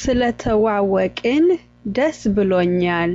ስለተዋወቅን ደስ ብሎኛል።